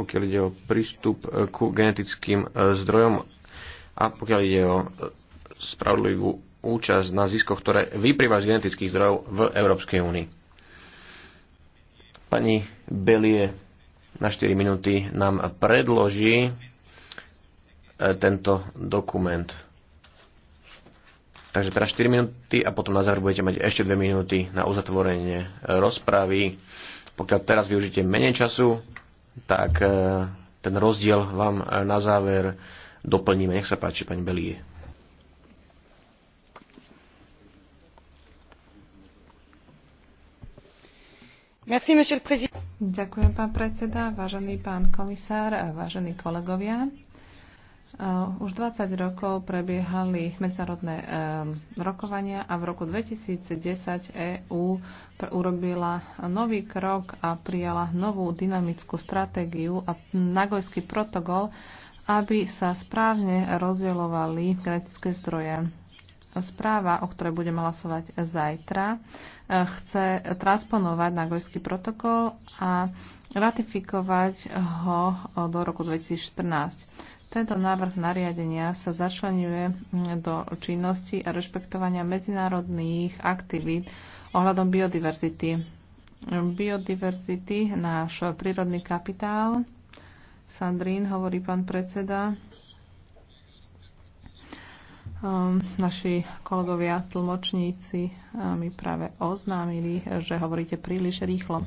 pokiaľ ide o prístup eh, ku genetickým eh, zdrojom a pokiaľ ide o eh, spravodlivú účasť na ziskoch, ktoré vyprýva z genetických zdrojov v Európskej únii. Pani Belie na 4 minúty nám predloží tento dokument. Takže teraz 4 minúty a potom na záver budete mať ešte 2 minúty na uzatvorenie rozpravy. Pokiaľ teraz využite menej času, tak e, ten rozdiel vám e, na záver doplníme. Nech sa páči, pani Belie. Merci, Ďakujem, pán predseda, vážený pán komisár, vážení kolegovia. Eh, už 20 rokov prebiehali medzinárodné eh, rokovania a v roku 2010 EÚ urobila nový krok a prijala novú dynamickú stratégiu a nagojský protokol, aby sa správne rozdielovali genetické zdroje. Správa, o ktorej budeme hlasovať zajtra, eh, chce transponovať Nagojský protokol a ratifikovať ho do roku 2014. Tento návrh nariadenia sa začlenuje do činnosti a rešpektovania medzinárodných aktivít ohľadom biodiverzity. Biodiverzity, náš prírodný kapitál, Sandrín, hovorí pán predseda, ehm, naši kolegovia tlmočníci e, mi práve oznámili, že hovoríte príliš rýchlo.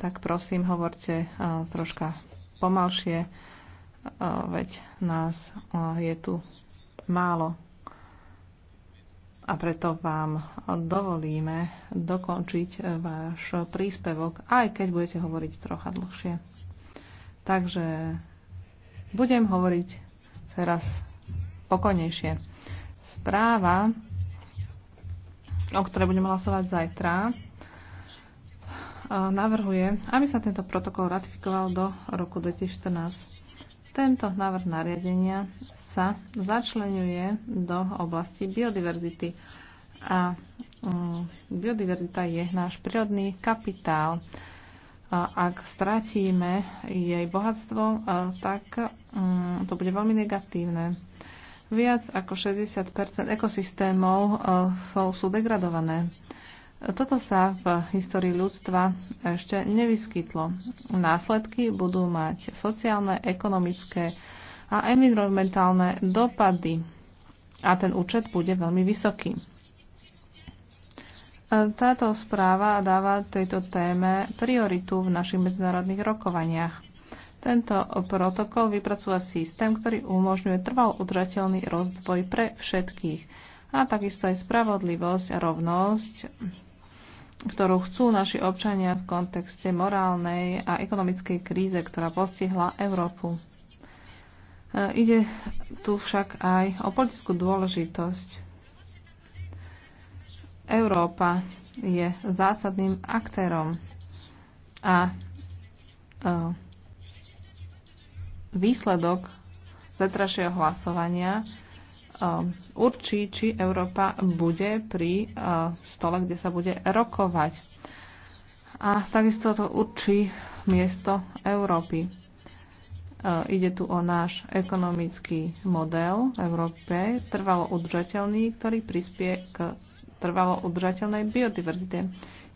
Tak prosím, hovorte e, troška pomalšie veď nás je tu málo. A preto vám dovolíme dokončiť váš príspevok, aj keď budete hovoriť trocha dlhšie. Takže budem hovoriť teraz pokojnejšie. Správa, o ktorej budeme hlasovať zajtra, navrhuje, aby sa tento protokol ratifikoval do roku 2014. Tento návrh nariadenia sa začlenuje do oblasti biodiverzity a mm, biodiverzita je náš prírodný kapitál. ak stratíme jej bohatstvo, tak mm, to bude veľmi negatívne. Viac ako 60 ekosystémov sú degradované. Toto sa v histórii ľudstva ešte nevyskytlo. Následky budú mať sociálne, ekonomické a environmentálne dopady a ten účet bude veľmi vysoký. E, táto správa dáva tejto téme prioritu v našich medzinárodných rokovaniach. Tento protokol vypracúva systém, ktorý umožňuje trval udržateľný rozvoj pre všetkých a takisto aj spravodlivosť a rovnosť ktorú chcú naši občania v kontexte morálnej a ekonomickej kríze, ktorá postihla Európu. E, ide tu však aj o politickú dôležitosť. Európa je zásadným aktérom a e, výsledok zetrašieho hlasovania Um, určí, či Európa bude pri uh, stole, kde sa bude rokovať. A takisto to určí miesto Európy. Uh, ide tu o náš ekonomický model v Európe, trvalo udržateľný, ktorý prispie k trvalo udržateľnej biodiverzite.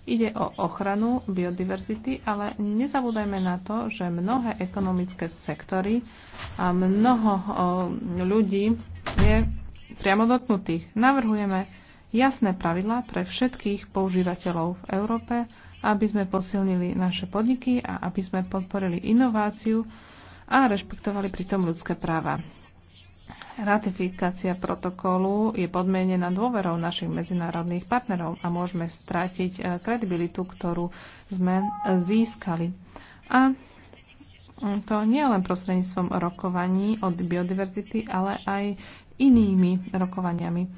Ide o ochranu biodiverzity, ale nezabúdajme na to, že mnohé ekonomické sektory a mnoho ľudí je priamo dotknutých. Navrhujeme jasné pravidlá pre všetkých používateľov v Európe, aby sme posilnili naše podniky a aby sme podporili inováciu a rešpektovali pritom ľudské práva. Ratifikácia protokolu je podmienená dôverou našich medzinárodných partnerov a môžeme stratiť eh, kredibilitu, ktorú sme eh, získali. A to nie len prostredníctvom rokovaní od biodiverzity, ale aj inými rokovaniami. Eh,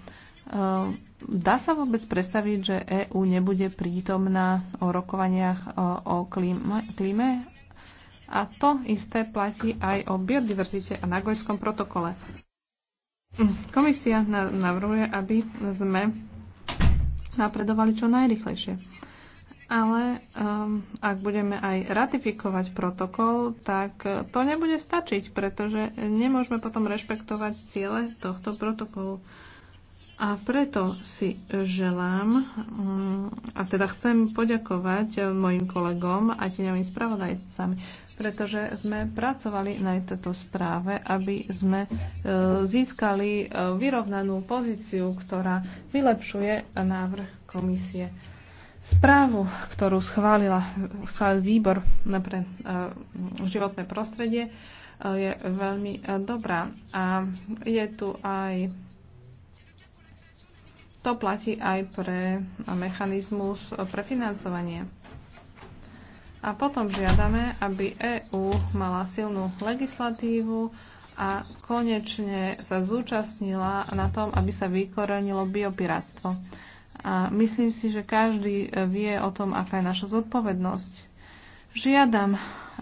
dá sa vôbec predstaviť, že EÚ nebude prítomná o rokovaniach o klíme, a to isté platí aj o biodiverzite a Nagojskom protokole. Komisia navrhuje, aby sme napredovali čo najrychlejšie. Ale um, ak budeme aj ratifikovať protokol, tak to nebude stačiť, pretože nemôžeme potom rešpektovať ciele tohto protokolu. A preto si želám, um, a teda chcem poďakovať mojim kolegom a tieňovým spravodajcami, pretože sme pracovali na tejto správe, aby sme e, získali e, vyrovnanú pozíciu, ktorá vylepšuje návrh komisie. Správu, ktorú schválila, schválil výbor pre e, životné prostredie, je veľmi dobrá. A je tu aj to platí aj pre mechanizmus pre financovanie. A potom žiadame, aby EÚ mala silnú legislatívu a konečne sa zúčastnila na tom, aby sa vykorenilo biopiráctvo. A myslím si, že každý vie o tom, aká je naša zodpovednosť. Žiadam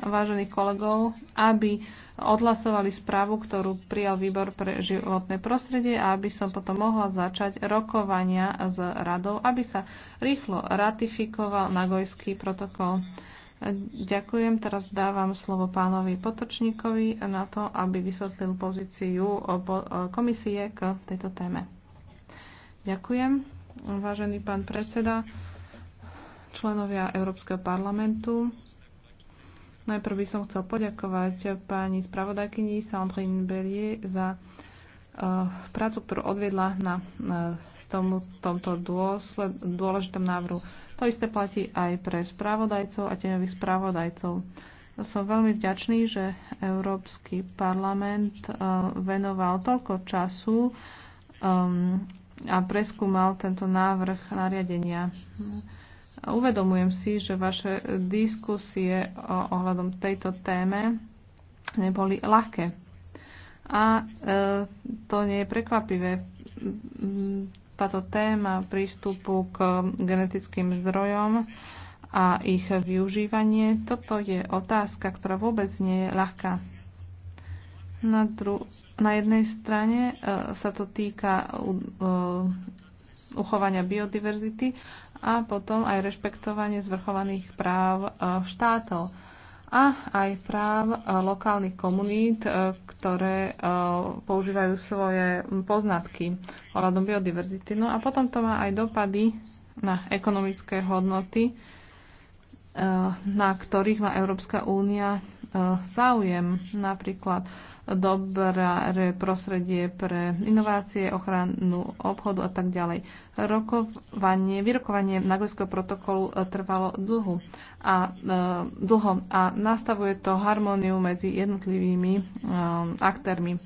vážených kolegov, aby odhlasovali správu, ktorú prijal výbor pre životné prostredie a aby som potom mohla začať rokovania s radou, aby sa rýchlo ratifikoval Nagojský protokol. Ďakujem. Teraz dávam slovo pánovi Potočníkovi na to, aby vysvetlil pozíciu komisie k tejto téme. Ďakujem. Vážený pán predseda, členovia Európskeho parlamentu, najprv by som chcel poďakovať pani spravodajkyni Sandrine Bellier za eh, prácu, ktorú odviedla na eh, tomto dôležitom návrhu. To isté platí aj pre spravodajcov a teňových spravodajcov. Som veľmi vďačný, že Európsky parlament e, venoval toľko času um, a preskúmal tento návrh nariadenia. Uvedomujem si, že vaše diskusie ohľadom tejto téme neboli ľahké. A e, to nie je prekvapivé táto téma prístupu k genetickým zdrojom a ich využívanie, toto je otázka, ktorá vôbec nie je ľahká. Na, dru- na jednej strane e, sa to týka e, uchovania biodiverzity a potom aj rešpektovanie zvrchovaných práv e, štátov a aj práv e, lokálnych komunít, e, ktoré e, používajú svoje poznatky ohľadom biodiverzity. No a potom to má aj dopady na ekonomické hodnoty, na ktorých má Európska únia záujem. Napríklad dobré prostredie pre inovácie, ochranu obchodu a tak ďalej. Rokovanie, vyrokovanie Nagojského protokolu e, trvalo dlhu a, e, dlho a nastavuje to harmóniu medzi jednotlivými e, aktérmi.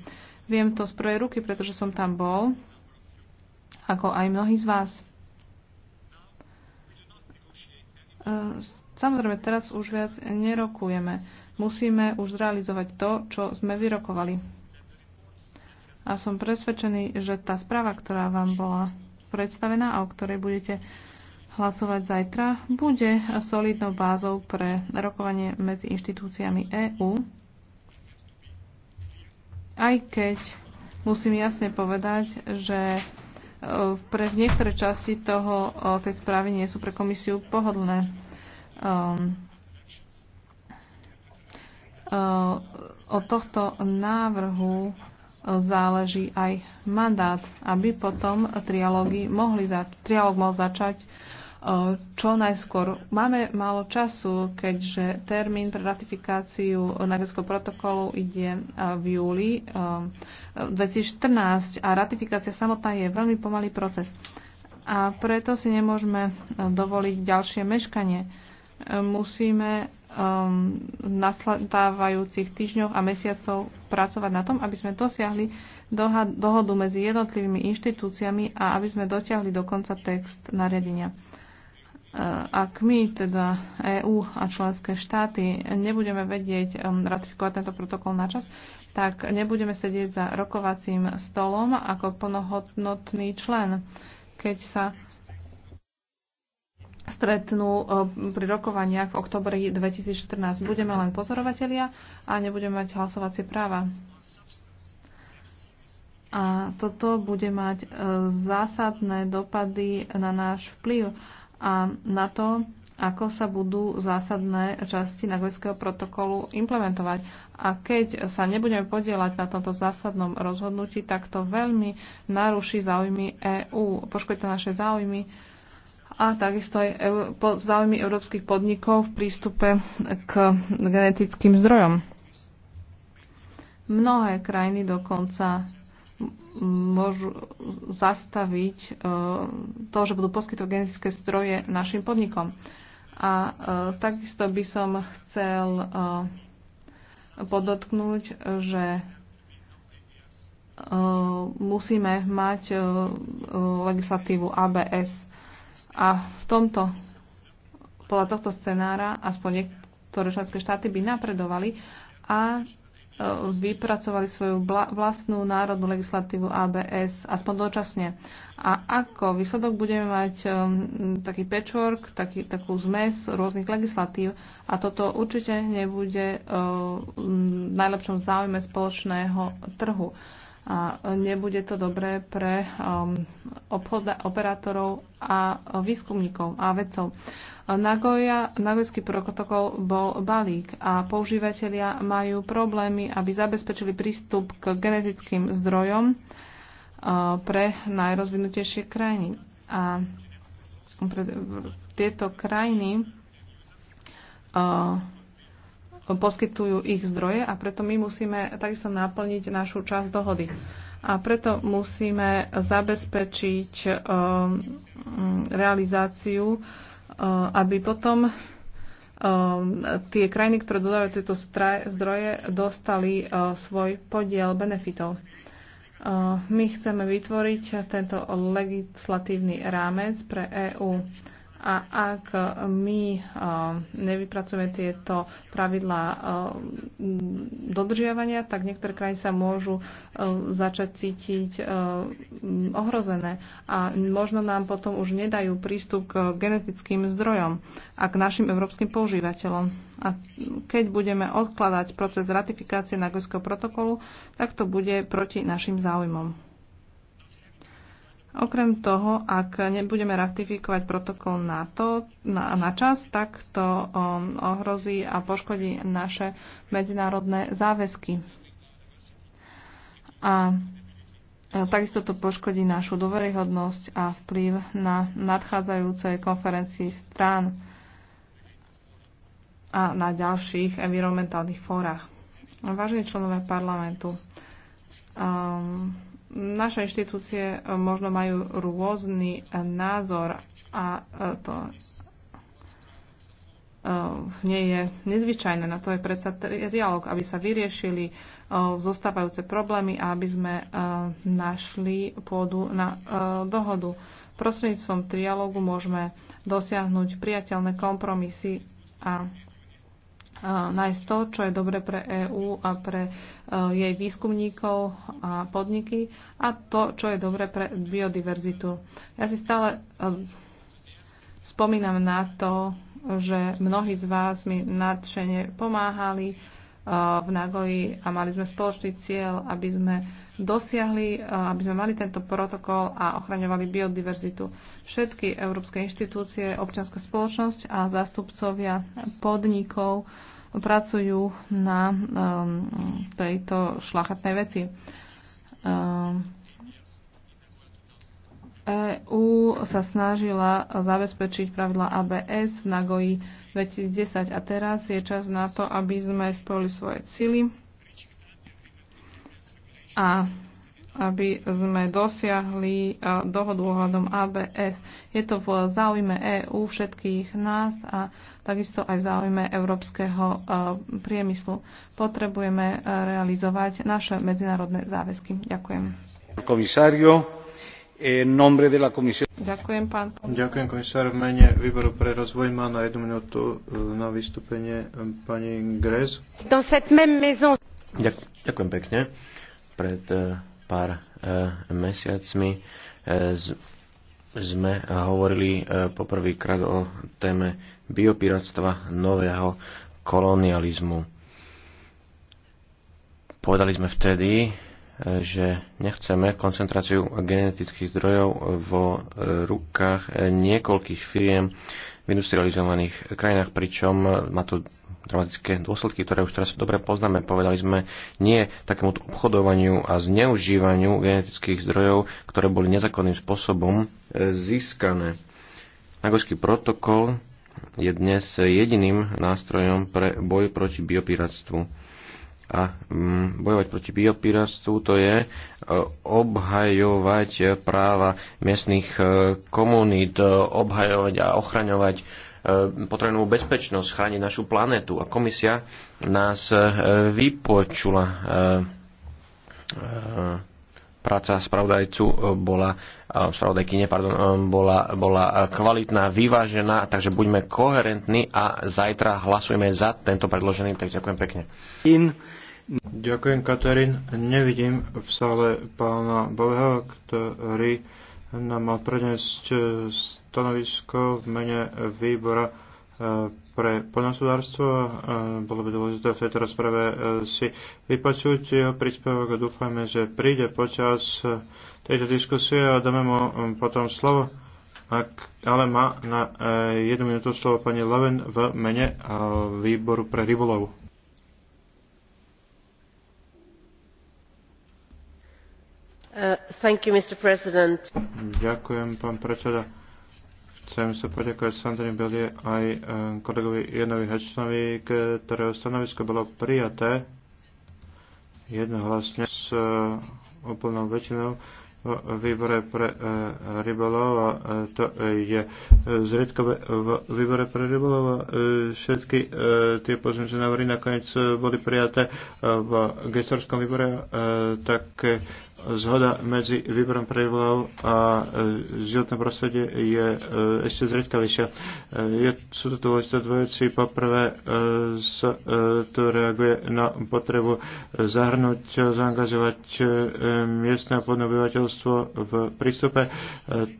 Viem to z prvej ruky, pretože som tam bol, ako aj mnohí z vás. Samozrejme, teraz už viac nerokujeme Musíme už zrealizovať to, čo sme vyrokovali. A som presvedčený, že tá správa, ktorá vám bola predstavená a o ktorej budete hlasovať zajtra, bude solidnou bázou pre rokovanie medzi inštitúciami EÚ, aj keď musím jasne povedať, že eh, pre niektoré časti toho, eh, tej správy nie sú pre komisiu pohodlné. Um, od tohto návrhu záleží aj mandát, aby potom trialógy mohli za, trialóg mohol začať e, čo najskôr. Máme málo času, keďže termín pre ratifikáciu Nagorského protokolu ide e, v júli 2014 e, a ratifikácia samotná je veľmi pomalý proces. A preto si nemôžeme dovoliť ďalšie meškanie. Musíme um, nasledávajúcich týždňoch a mesiacov pracovať na tom, aby sme dosiahli dohodu medzi jednotlivými inštitúciami a aby sme dotiahli do konca text nariadenia. Uh, ak my, teda EÚ a členské štáty, nebudeme vedieť um, ratifikovať tento protokol na čas, tak nebudeme sedieť za rokovacím stolom ako plnohodnotný člen, keď sa stretnú e, pri rokovaniach v oktobri 2014. Budeme len pozorovatelia a nebudeme mať hlasovacie práva. A toto bude mať e, zásadné dopady na náš vplyv a na to, ako sa budú zásadné časti Nagojského protokolu implementovať. A keď sa nebudeme podielať na tomto zásadnom rozhodnutí, tak to veľmi naruší záujmy EÚ, poškodí to naše záujmy a takisto aj záujmy európskych podnikov v prístupe k genetickým zdrojom. Mnohé krajiny dokonca môžu zastaviť e, to, že budú poskytovať genetické zdroje našim podnikom. A e, takisto by som chcel e, podotknúť, že musíme mať legislatívu ABS a v tomto, podľa tohto scenára, aspoň niektoré členské štáty by napredovali a e, vypracovali svoju vlastnú národnú legislatívu ABS, aspoň dočasne. A ako výsledok budeme mať um, taký patchwork, taký, takú zmes rôznych legislatív a toto určite nebude um, v najlepšom záujme spoločného trhu. Uh, a nebude to dobré pre um, obchod, operátorov a výskumníkov a vedcov. Nagoja, Nagojský protokol bol balík a používateľia majú problémy, aby zabezpečili prístup k genetickým zdrojom uh, pre najrozvinutejšie krajiny. A pre tieto krajiny uh, poskytujú ich zdroje a preto my musíme takisto naplniť našu časť dohody. A preto musíme zabezpečiť um, realizáciu, uh, aby potom um, tie krajiny, ktoré dodávajú tieto zdroje, dostali uh, svoj podiel benefitov. Uh, my chceme vytvoriť tento legislatívny rámec pre EÚ. A ak my nevypracujeme tieto pravidlá dodržiavania, tak niektoré krajiny sa môžu začať cítiť ohrozené a možno nám potom už nedajú prístup k genetickým zdrojom a k našim európskym používateľom. A keď budeme odkladať proces ratifikácie Nagojského protokolu, tak to bude proti našim záujmom. Okrem toho, ak nebudeme ratifikovať protokol to, na, na čas, tak to um, ohrozí a poškodí naše medzinárodné záväzky. A, a e, takisto to poškodí našu dôveryhodnosť a vplyv na nadchádzajúcej konferencii strán a na ďalších environmentálnych fórach. Vážení členové parlamentu, um, naše inštitúcie e, možno majú rôzny e, názor a e, to nie je nezvyčajné. Na to je predsa dialog, aby sa vyriešili zostávajúce problémy a aby sme našli pôdu na dohodu. Prostredníctvom trialógu môžeme dosiahnuť priateľné kompromisy a nájsť to, čo je dobre pre EÚ a pre e, jej výskumníkov a podniky a to, čo je dobre pre biodiverzitu. Ja si stále e, spomínam na to, že mnohí z vás mi nadšene pomáhali e, v Nagoji a mali sme spoločný cieľ, aby sme dosiahli, aby sme mali tento protokol a ochraňovali biodiverzitu. Všetky európske inštitúcie, občianská spoločnosť a zástupcovia podnikov pracujú na um, tejto šlachatnej veci. Um, EÚ sa snažila zabezpečiť pravidla ABS v Nagoji 2010 a teraz je čas na to, aby sme spojili svoje sily a aby sme dosiahli e, dohodu ohľadom ABS. Je to v záujme EÚ všetkých nás a takisto aj v záujme európskeho e, priemyslu. Potrebujeme e, realizovať naše medzinárodné záväzky. Ďakujem. Komisario. Ďakujem, pán. Ďakujem, komisár. V mene výboru pre rozvoj má na jednu minútu na vystúpenie pani Grez. Ďakujem pekne. Pred pár e, mesiacmi e, sme hovorili e, poprvýkrát o téme biopiratstva nového kolonializmu. Povedali sme vtedy, že nechceme koncentráciu genetických zdrojov vo rukách niekoľkých firiem v industrializovaných krajinách, pričom má to dramatické dôsledky, ktoré už teraz dobre poznáme. Povedali sme nie takému obchodovaniu a zneužívaniu genetických zdrojov, ktoré boli nezákonným spôsobom e, získané. Nagorský protokol je dnes jediným nástrojom pre boj proti biopiráctvu. A mm, bojovať proti biopiráctvu to je e, obhajovať práva miestnych e, komunít, obhajovať a ochraňovať E, potrebnú bezpečnosť, chrániť našu planetu. A komisia nás e, vypočula. E, práca spravodajcu bola, spravodajkyne, pardon, bola, bola kvalitná, vyvážená, takže buďme koherentní a zajtra hlasujeme za tento predložený text. Ďakujem pekne. In. Ďakujem, Katarín. Nevidím v sále pána Boveho, ktorý nám mal predniesť e, stanovisko v mene výbora e, pre poľnohospodárstvo. E, bolo by dôležité v tejto rozprave si vypočuť jeho príspevok a dúfajme, že príde počas tejto diskusie a dáme mu potom slovo. Ak, ale má na jednu minútu slovo pani Leven v mene výboru pre rybolovu. Uh, Ďakujem, pán predseda. Chcem sa poďakovať Sandrine Belie aj eh, kolegovi Janovi Hečnovi, ktorého stanovisko bolo prijaté jednohlasne s eh, úplnou väčšinou výbore pre eh, rybolov a to je zriedkové v výbore pre rybolov a všetky tie pozmeňujúce návrhy nakoniec boli prijaté v gestorskom výbore tak zhoda medzi výborom pre a e, životné prostredie je e, ešte zriedkavejšia. E, je, sú to dôležité dve veci. Poprvé sa to reaguje na potrebu zahrnúť, zaangažovať miestne a obyvateľstvo v prístupe.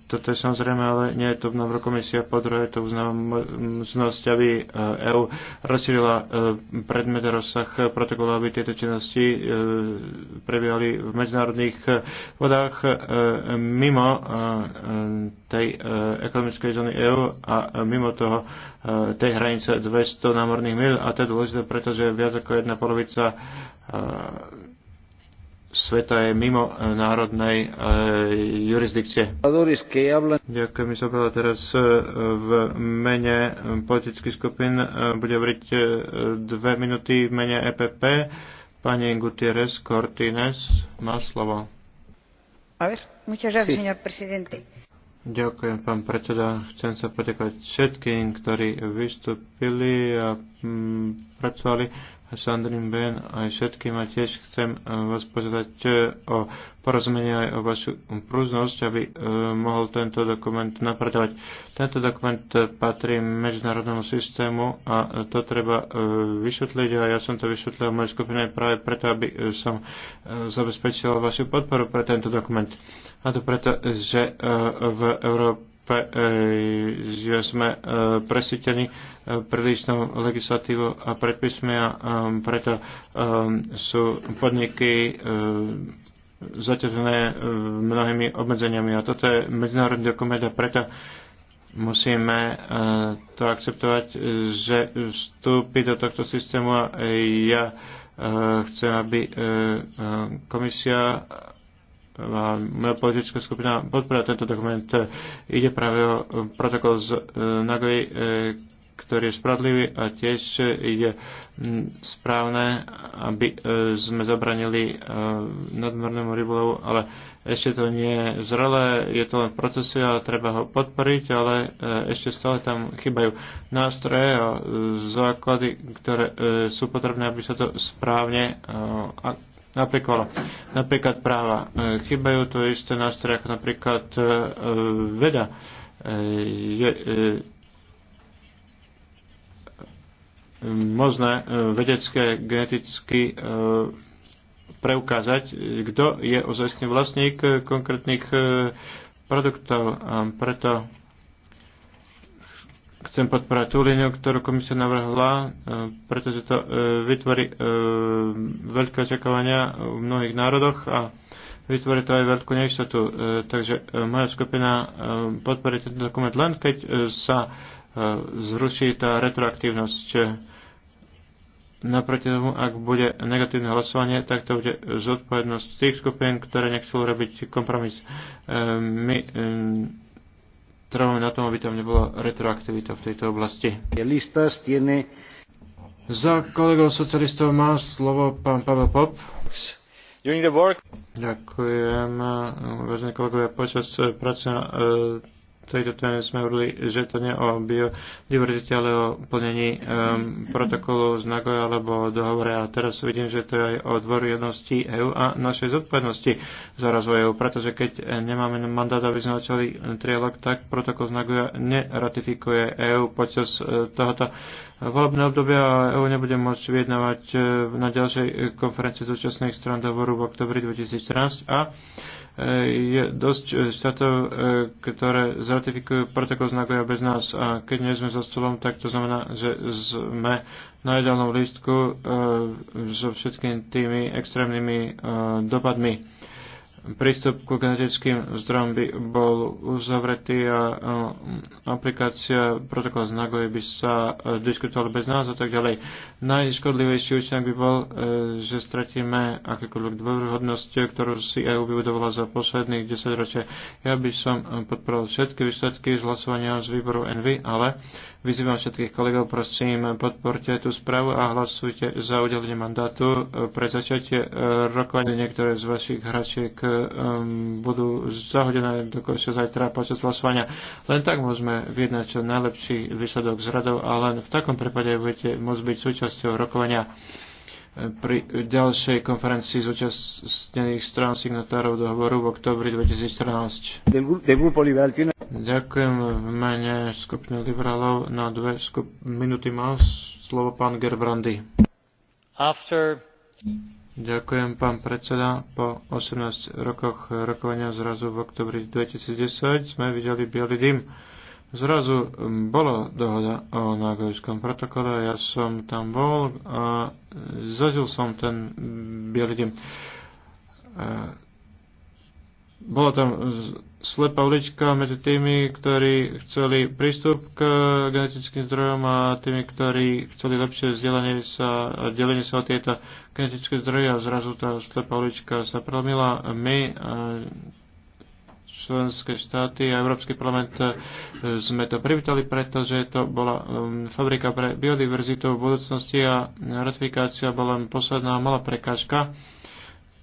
Toto je samozrejme, ale nie je to v návrhu komisia. Po druhé, to uznávam znosť, aby EU rozšírila predmet rozsah protokolu, aby tieto činnosti prebiehali v medzinárodných tých eh, vodách eh, mimo eh, tej ekonomickej zóny EÚ a mimo toho tej hranice 200 námorných mil a to je dôležité, pretože viac ako jedna polovica sveta je mimo národnej jurisdikcie. Ďakujem, sa Izabela. Teraz v mene politických skupín bude hovoriť dve minúty v mene EPP Pani Gutierrez Cortines má slovo. A ver, muchas gracias, sí. señor presidente. Ďakujem, pán predseda. Chcem sa poďakovať všetkým, ktorí vystúpili a m, mm, pracovali Sandrin Ben aj všetkým a tiež chcem eh, vás požiadať eh, o porozumenie aj o vašu prúznosť, aby eh, mohol tento dokument napredovať. Tento dokument patrí medzinárodnému systému a to treba vyšetliť a ja som to vyšetlil v mojej skupine práve preto, aby som zabezpečil vašu podporu pre tento dokument. A to preto, že v Európe E, že sme e, presítení e, prílišnou legislatívou a predpismi a preto sú podniky zaťažené mnohými obmedzeniami. A toto je medzinárodný dokument a preto musíme to akceptovať, že vstúpi do tohto systému a ja chcem, aby komisia a moja politická skupina podporá tento dokument. Ide práve o protokol z e, Nagoji, e, ktorý je spravodlivý a tiež je správne, aby e, sme zabranili nadmernému rybolovu, ale ešte to nie je zrelé, je to len v procese a treba ho podporiť, ale ešte stále tam chýbajú nástroje a základy, ktoré sú potrebné, aby sa to správne Napríklad, napríklad práva. E, chýbajú to isté na strach, napríklad e, e, veda. Je, možné vedecké geneticky preukázať, kto je ozajstný vlastník konkrétnych produktov. A preto Chcem podporať tú líniu, ktorú komisia navrhla, e, pretože to e, vytvorí e, veľké očakávania v mnohých národoch a vytvorí to aj veľkú neistotu. Takže moja skupina podporí tento dokument len keď sa zruší tá retroaktívnosť. Naproti tomu, ak bude negatívne hlasovanie, tak to bude zodpovednosť tých skupín, ktoré nechcú robiť kompromis. My trváme na tom, aby tam nebola retroaktivita v tejto oblasti. Za kolegov socialistov má slovo pán Pavel Pop. You need a work. Ďakujem, vážení kolegovia, počas eh, práce na eh, tejto téme sme hovorili, že to nie o biodiverzite, ale o plnení um, protokolu z Nagoja alebo dohovore. A teraz vidím, že to je aj o jednosti EU a našej zodpovednosti za rozvoj EU, pretože keď eh, nemáme mandát, aby sme začali eh, trialog, tak protokol z Nagoja neratifikuje EU počas eh, tohoto volebného obdobia a EU nebude môcť vyjednávať na ďalšej konferencii zúčastných stran dohovoru v oktobri 2014 a je dosť e, štátov, e, ktoré zratifikujú protokol z Nagoja bez nás a keď nie sme za stolom, tak to znamená, že sme na jedálnom lístku e, so všetkými tými extrémnymi dopadmi prístup ku genetickým zdrojom by bol uzavretý a aplikácia protokola z Nagoje by sa e, diskutovala bez nás a tak ďalej. Najškodlivejší účinok by bol, e, že stratíme akékoľvek dôveryhodnosť, ktorú si EU vybudovala za posledných 10 ročia. Ja by som podporoval všetky výsledky z hlasovania z výboru NV, ale Vyzývam všetkých kolegov, prosím, podporte tú správu a hlasujte za udelenie mandátu e, pre začiatie e, rokovania. Niektoré z vašich hračiek e, budú zahodené do koša zajtra počas hlasovania. Len tak môžeme vyjednať čo najlepší výsledok z radov a len v takom prípade budete môcť byť súčasťou rokovania pri ďalšej konferencii zúčastnených strán signatárov dohovoru v oktobri 2014. Ďakujem v mene skupiny liberálov. Na dve skup- minúty má slovo pán Gerbrandy. After... Ďakujem, pán predseda. Po 18 rokoch rokovania zrazu v oktobri 2010 sme videli biely dym Zrazu um, bola dohoda o Nagojskom protokole, ja som tam bol a zažil som ten mm, bielý dym. Bola tam slepá ulička medzi tými, ktorí chceli prístup k genetickým zdrojom a tými, ktorí chceli lepšie vzdelanie sa a delenie sa o tieto genetické zdroje a zrazu tá slepá ulička sa prelomila. My členské štáty a Európsky parlament e, sme to privítali, pretože to bola um, fabrika pre biodiverzitu v budúcnosti a ratifikácia bola len posledná malá prekážka,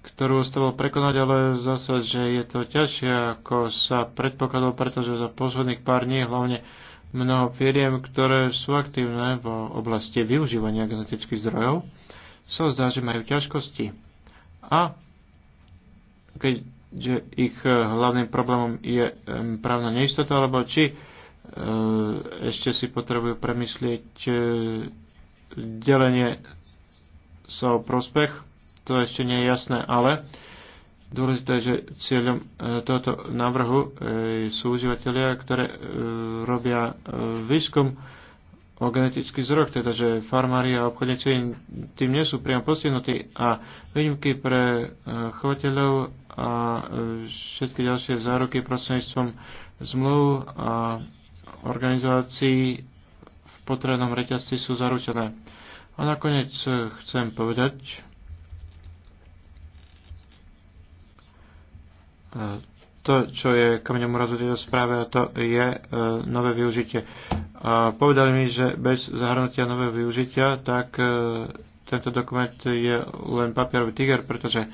ktorú ostalo prekonať, ale zase, že je to ťažšie, ako sa predpokladalo, pretože za posledných pár dní hlavne mnoho firiem, ktoré sú aktívne v oblasti využívania genetických zdrojov, sa zdá, že majú ťažkosti. A keď že ich e, hlavným problémom je právna neistota, alebo či e, ešte si potrebujú premyslieť e, delenie sa o prospech. To ešte nie je jasné, ale dôležité, že cieľom tohoto návrhu sú užívateľia, ktoré robia výskum, o genetický zrok, teda že farmári a obchodníci tým nie sú priamo postihnutí a výnimky pre e, chovateľov a e, všetky ďalšie záruky prostredníctvom zmluv a organizácií v potrebnom reťazci sú zaručené. A nakoniec e, chcem povedať, to, čo je kameňom urazu tejto správe, to je nové využitie a povedali mi, že bez zahrnutia nového využitia, tak e, tento dokument je len papierový tiger, pretože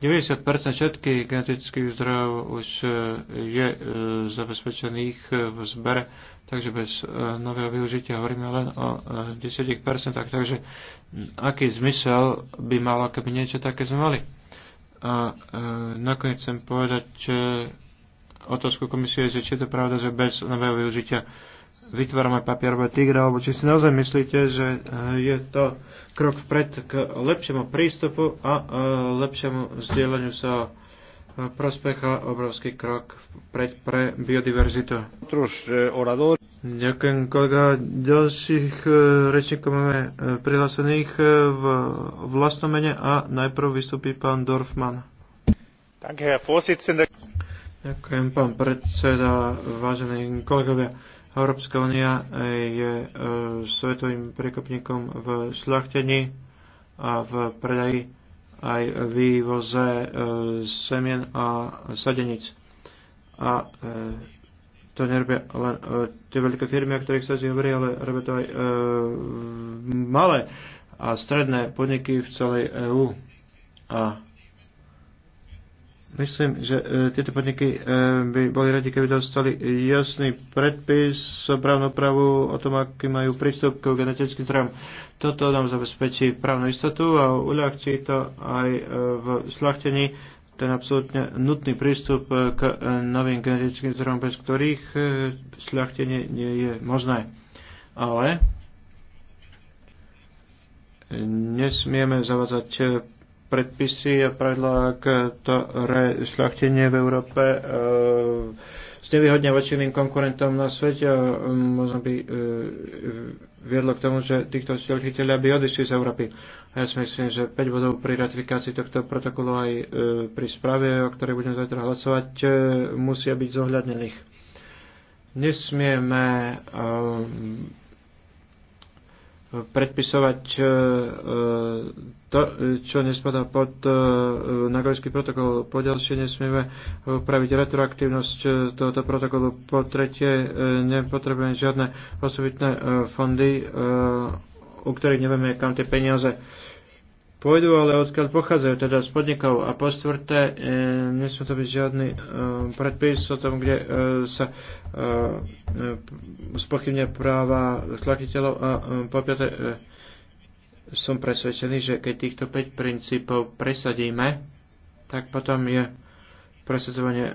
90% všetkých genetických zdrojov už e, je e, zabezpečených v zbere, takže bez nového využitia hovoríme len o 10%. Takže aký zmysel by malo, keby niečo také sme mali? A nakoniec chcem povedať otázku komisie, že či je to pravda, že bez nového využitia vytvárame papierové tigre, alebo či si naozaj myslíte, že e, je to krok vpred k lepšiemu prístupu a e, lepšiemu zdieľaniu sa e, prospecha obrovský krok vpred pre biodiverzitu. Ďakujem kolega. Ďalších rečníkov máme prihlásených v vlastnom mene a najprv vystupí pán Dorfman. Ďakujem, pán predseda, vážení kolegovia. Európska únia eh, je eh, svetovým prekopníkom v šľachtení a v predaji aj vývoze eh, semien a sadenic. A to nerobia len tie veľké firmy, o ktorých sa si hovorí, ale robia to aj malé a stredné podniky v celej EÚ. A Myslím, že e, tieto podniky e, by boli radi, keby dostali jasný predpis, právnu pravu o tom, aký majú prístup k genetickým zdrojom. Toto nám zabezpečí právnu istotu a uľahčí to aj e, v slachtení ten absolútne nutný prístup k novým genetickým zdrojom, bez ktorých slachtenie nie je možné. Ale nesmieme zavazať predpisy a pravidlá, ktoré šľachtenie v Európe e, znevýhodňa voči iným konkurentom na svete a možno by e, viedlo k tomu, že týchto šľachtiteľia by odišli z Európy. A ja si myslím, že 5 bodov pri ratifikácii tohto protokolu aj e, pri správe, o ktorej budeme zajtra hlasovať, musia byť zohľadnených. Nesmieme predpisovať e, e, to, čo nespadá pod e, Nagojský protokol. Po ďalšie nesmieme upraviť retroaktívnosť tohoto protokolu. Po tretie nepotrebujeme žiadne osobitné fondy, u ktorých nevieme, kam tie peniaze pôjdu, ale odkiaľ pochádzajú, teda z podnikov. A po štvrté, e, nesmie to byť žiadny e, predpis o tom, kde e, sa e, e spochybne práva slakiteľov A e, po piaté, e, som presvedčený, že keď týchto 5 princípov presadíme, tak potom je presadzovanie e,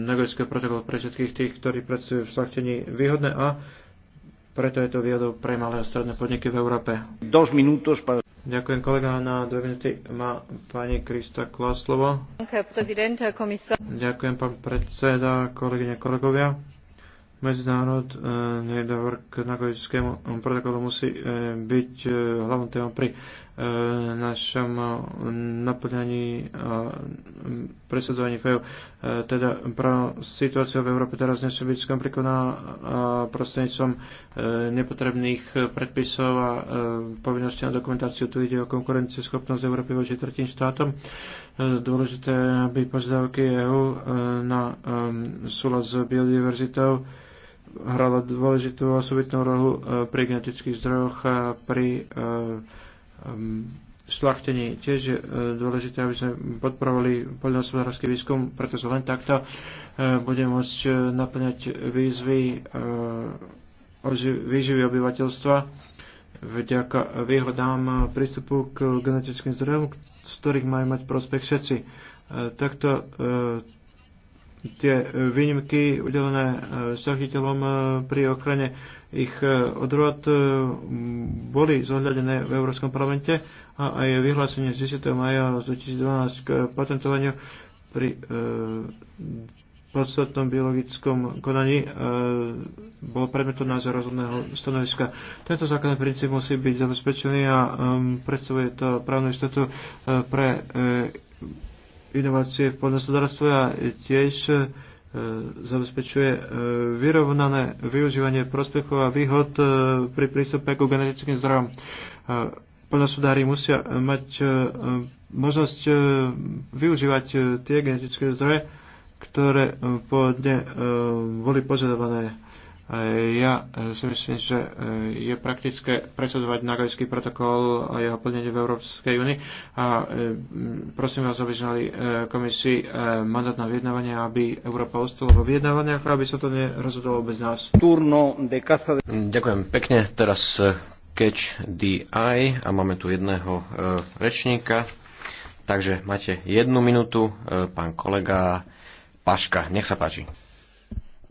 Nagojského protokolu pre všetkých tých, ktorí pracujú v slaktení výhodné a preto je to výhodou pre malé a stredné podniky v Európe. Dos minutos para Ďakujem kolega. Na dve minúty má pani Krista Klas slovo. Ďakujem pán predseda, kolegyne, kolegovia. Medzinárodný eh, dohovor k Nagojskému protokolu musí eh, byť eh, hlavnou témou pri E, našom e, naplňaní a e, presadzovaní FEU. Teda pro situácia v Európe teraz nesú byť skomplikovaná prostredníctvom nepotrebných predpisov a povinnosti na dokumentáciu. Tu ide o konkurencieschopnosť Európy voči tretím štátom. Dôležité, aby požiadavky EU na súľad s biodiverzitou hrala dôležitú osobitnú rohu pri genetických zdrojoch a pri Ehm, šlachtení. Tiež je dôležité, aby sme podporovali poľnohospodársky výskum, pretože len takto e, bude môcť e, naplňať výzvy e, výživy obyvateľstva vďaka výhodám prístupu k genetickým zdrojom, z ktorých majú mať prospech všetci. Takto tie e, výnimky udelené šťachtiteľom e, e, pri ochrane ich odrod boli zohľadené v Európskom parlamente a aj vyhlásenie z 10. maja 2012 k patentovaniu pri e, podstatnom biologickom konaní e, bol predmetom nášho rozhodného stanoviska. Tento základný princíp musí byť zabezpečený a e, predstavuje to právnu istotu e, pre e, inovácie v poľnohospodárstve a tiež e, zabezpečuje e, vyrovnané využívanie prospechov a výhod e, pri prístupe k genetickým zdravom. Poľnohospodári musia mať možnosť využívať tie genetické zdroje, ktoré pôvodne boli požadované E, ja e, si myslím, že e, je praktické presadzovať nagajský protokol a jeho plnenie v Európskej únii a prosím vás, aby znali komisii mandát na vyjednávanie, aby Európa ostala vo vyjednávaniach aby sa to nerozhodlo bez nás. Turno de casa de... Mm, ďakujem pekne. Teraz catch the eye a máme tu jedného rečníka. Takže máte jednu minútu, pán kolega Paška. Nech sa páči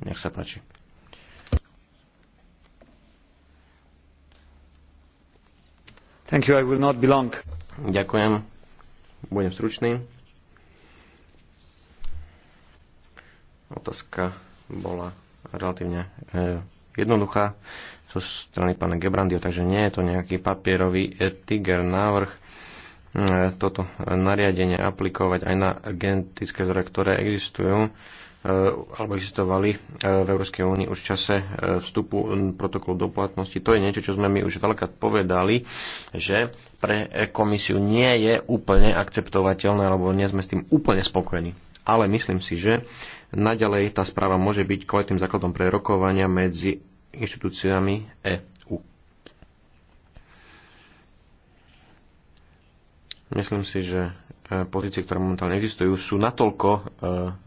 nech sa páči. Thank you, I will not be long. Ďakujem. Budem stručný. Otázka bola relatívne eh, jednoduchá zo strany pána Gebrandio, takže nie je to nejaký papierový eh, tiger návrh eh, toto nariadenie aplikovať aj na genetické zdroje, ktoré existujú Eh, alebo existovali eh, v Európskej únii už v čase eh, vstupu mm, protokolu do platnosti. To je niečo, čo sme my už veľká povedali, že pre komisiu nie je úplne akceptovateľné, alebo nie sme s tým úplne spokojní. Ale myslím si, že naďalej tá správa môže byť kvalitným základom pre rokovania medzi inštitúciami EU. Myslím si, že pozície, ktoré momentálne existujú, sú natoľko e,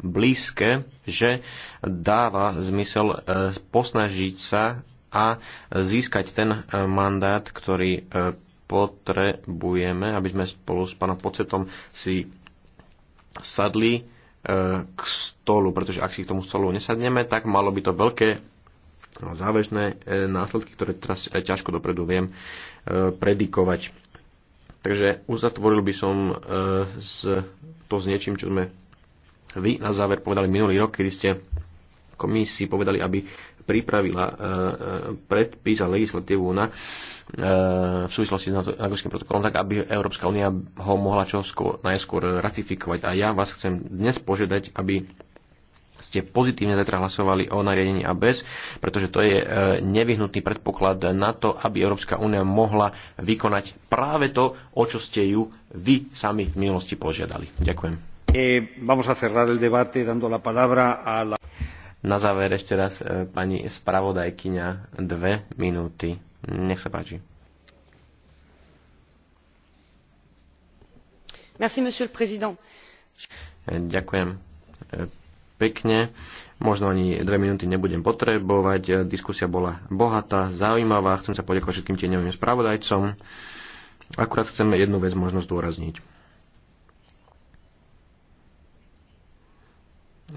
blízke, že dáva zmysel e, posnažiť sa a získať ten e, mandát, ktorý potrebujeme, aby sme spolu s pánom Pocetom si sadli k stolu, pretože ak si k tomu stolu nesadneme, tak malo by to veľké no, záväžné následky, ktoré teraz ťažko dopredu viem predikovať. Takže uzatvoril by som e, s, to s niečím, čo sme vy na záver povedali minulý rok, kedy ste komisii povedali, aby pripravila e, e, predpis a legislatívu na, v súvislosti s Nagorským protokolom, tak aby Európska únia ho mohla čo najskôr ratifikovať. A ja vás chcem dnes požiadať, aby ste pozitívne zajtra hlasovali o nariadení ABS, pretože to je e, nevyhnutný predpoklad na to, aby Európska únia mohla vykonať práve to, o čo ste ju vy sami v minulosti požiadali. Ďakujem. E, na záver ešte raz e, pani spravodajkyňa dve minúty. Nech sa páči. Merci, monsieur le président. Ďakujem pekne. Možno ani dve minúty nebudem potrebovať. Diskusia bola bohatá, zaujímavá. Chcem sa poďakovať všetkým tieňovým spravodajcom. Akurát chcem jednu vec možno zdôrazniť.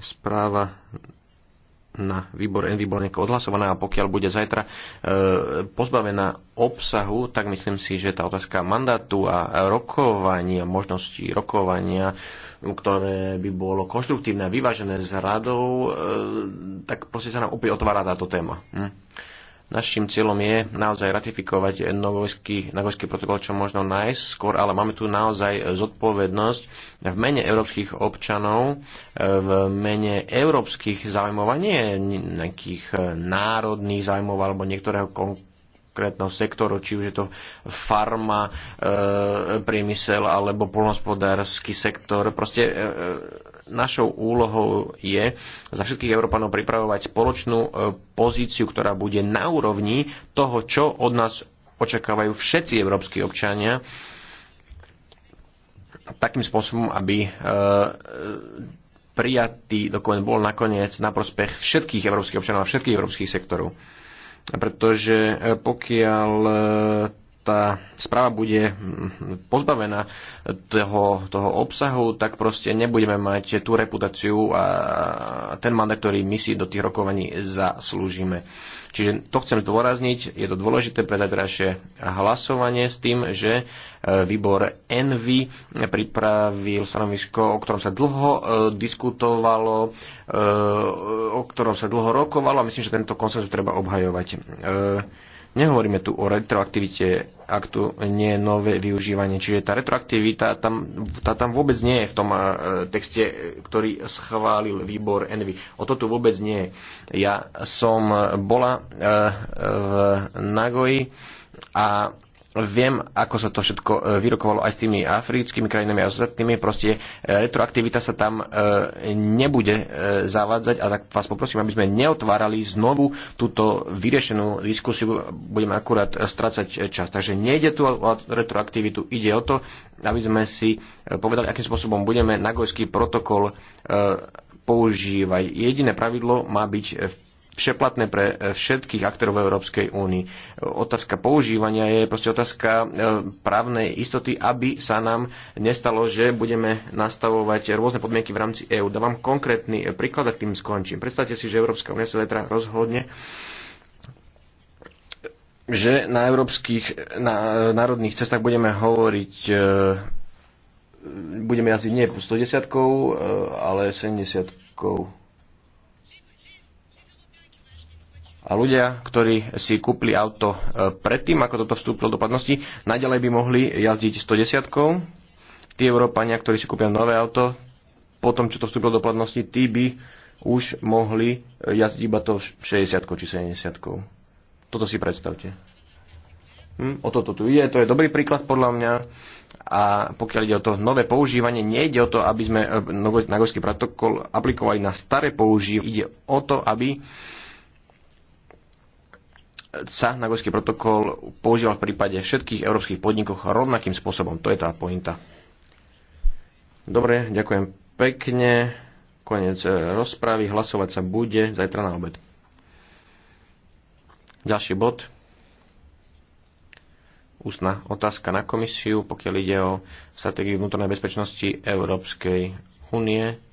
Správa na výbor Envy bola nejako odhlasovaná a pokiaľ bude zajtra e, pozbavená obsahu, tak myslím si, že tá otázka mandátu a rokovania, možnosti rokovania e, ktoré by bolo konštruktívne a vyvážené s radou, e, tak proste sa nám opäť otvára táto téma. Hm? Našim cieľom je naozaj ratifikovať Nagojský, protokol čo možno najskôr, ale máme tu naozaj zodpovednosť v mene európskych občanov, e, v mene európskych záujmov a nie nejakých e, národných záujmov alebo niektorého konkrétneho sektoru, či už je to farma, e, priemysel alebo polnospodársky sektor. Proste e, e, našou úlohou je za všetkých Európanov pripravovať spoločnú pozíciu, ktorá bude na úrovni toho, čo od nás očakávajú všetci európsky občania takým spôsobom, aby prijatý dokument bol nakoniec na prospech všetkých európskych občanov a všetkých európskych sektorov pretože e, pokiaľ e, tá správa bude pozbavená toho, toho obsahu, tak proste nebudeme mať tú reputáciu a ten mandát, ktorý my si do tých rokovaní zaslúžime. Čiže to chcem zdôrazniť, je to dôležité pre zajtrajšie hlasovanie s tým, že e, výbor Envy pripravil stanovisko, o ktorom sa dlho e, diskutovalo, e, o ktorom sa dlho rokovalo a myslím, že tento konsenzus treba obhajovať. Nehovoríme tu o retroaktivite, ak tu nie je nové využívanie. Čiže tá retroaktivita tam, tá tam vôbec nie je v tom eh, texte, ktorý schválil výbor Envy. O to tu vôbec nie je. Ja som eh, bola eh, v Nagoji a Viem, ako sa to všetko e, vyrokovalo aj s tými africkými krajinami a ostatnými. Proste e, retroaktivita sa tam e, nebude zavádzať a tak vás poprosím, aby sme neotvárali znovu túto vyriešenú diskusiu. Budeme akurát strácať čas. Takže nejde tu o retroaktivitu, ide o to, aby sme si povedali, akým spôsobom budeme Nagojský protokol používať. Jediné pravidlo má byť všeplatné pre e, všetkých aktorov v Európskej únii. E, otázka používania je proste otázka e, právnej istoty, aby sa nám nestalo, že budeme nastavovať rôzne podmienky v rámci EÚ. Dávam konkrétny príklad a tým skončím. Predstavte si, že Európska únia sa letra rozhodne že na európskych na, národných cestách budeme hovoriť e, budeme jazdiť nie 110 ale 70 a ľudia, ktorí si kúpili auto e, predtým, ako toto vstúpilo do platnosti, naďalej by mohli jazdiť 110 Tí Európania, ktorí si kúpia nové auto, po tom, čo to vstúpilo do platnosti, tí by už mohli e, jazdiť iba to 60 či 70 Toto si predstavte. Hm, o toto tu ide, to je dobrý príklad podľa mňa. A pokiaľ ide o to nové používanie, nie ide o to, aby sme e, Nagojský protokol aplikovali na staré používanie. Ide o to, aby sa Nagojský protokol používal v prípade všetkých európskych podnikov rovnakým spôsobom. To je tá pointa. Dobre, ďakujem pekne. Konec e, rozpravy. Hlasovať sa bude zajtra na obed. Ďalší bod. Ústna otázka na komisiu, pokiaľ ide o stratégiu vnútornej bezpečnosti Európskej únie.